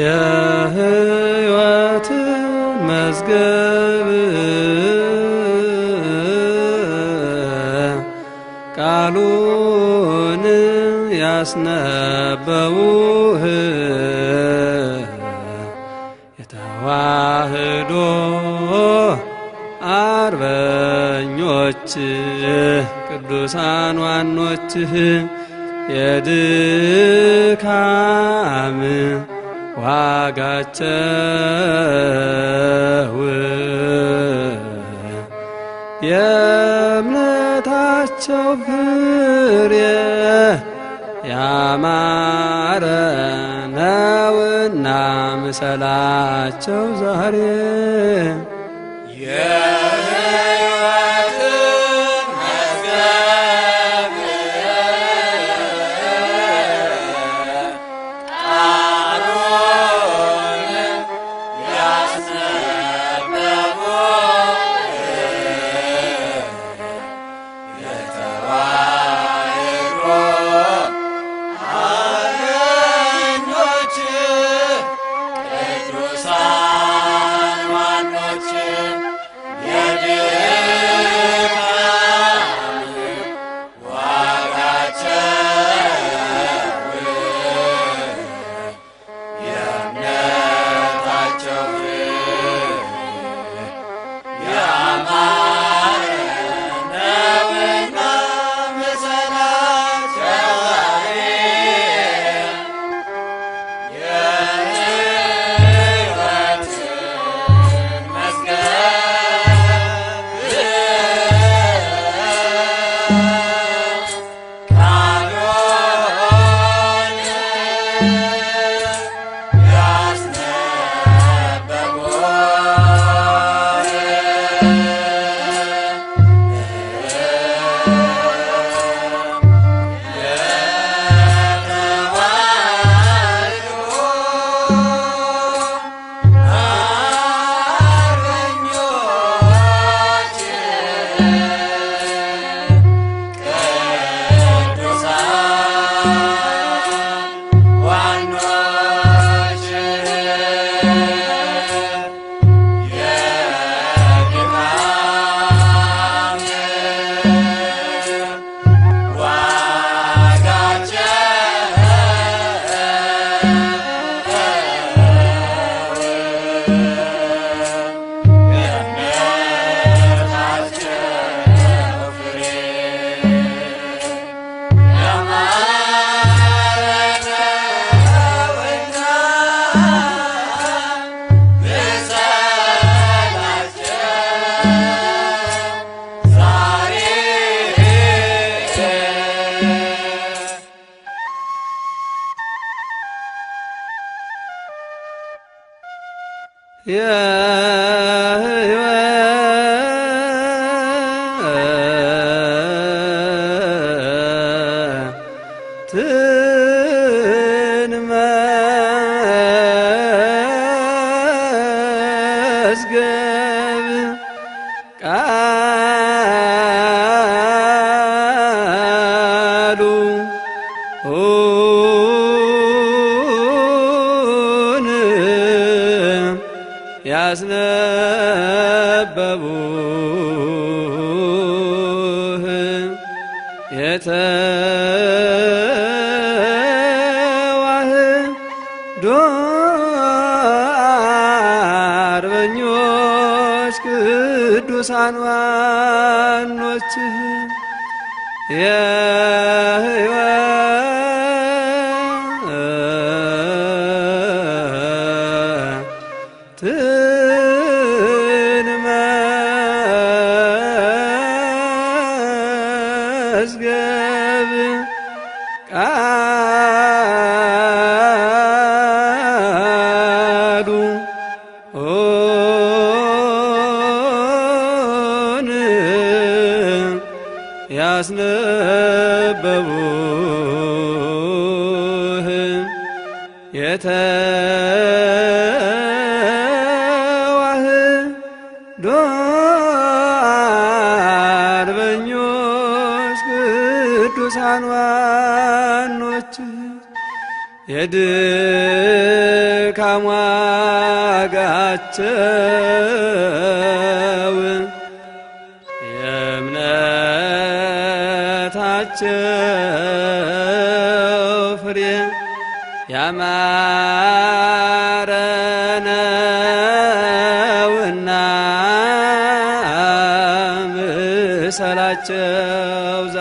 የህይወት መዝገብ ቃሉን ያስነበቡህ የተዋህዶ አርበኞች ቅዱሳን ዋኖችህ የድካም ዋጋቸው የእምነታቸው ፍሬ ያማረ ነውና ምሰላቸው ዛሬ ትንመዝገብ ቃ ቅዱሳን ዋኖችህ የሕይወት ያስነበቡህ የተዋህዶ አርበኞች ቅዱሳን ዋኖች የድካም ዋጋቸው የሥራቸው ፍሬ ያማረነውና ነውና ምሰላቸው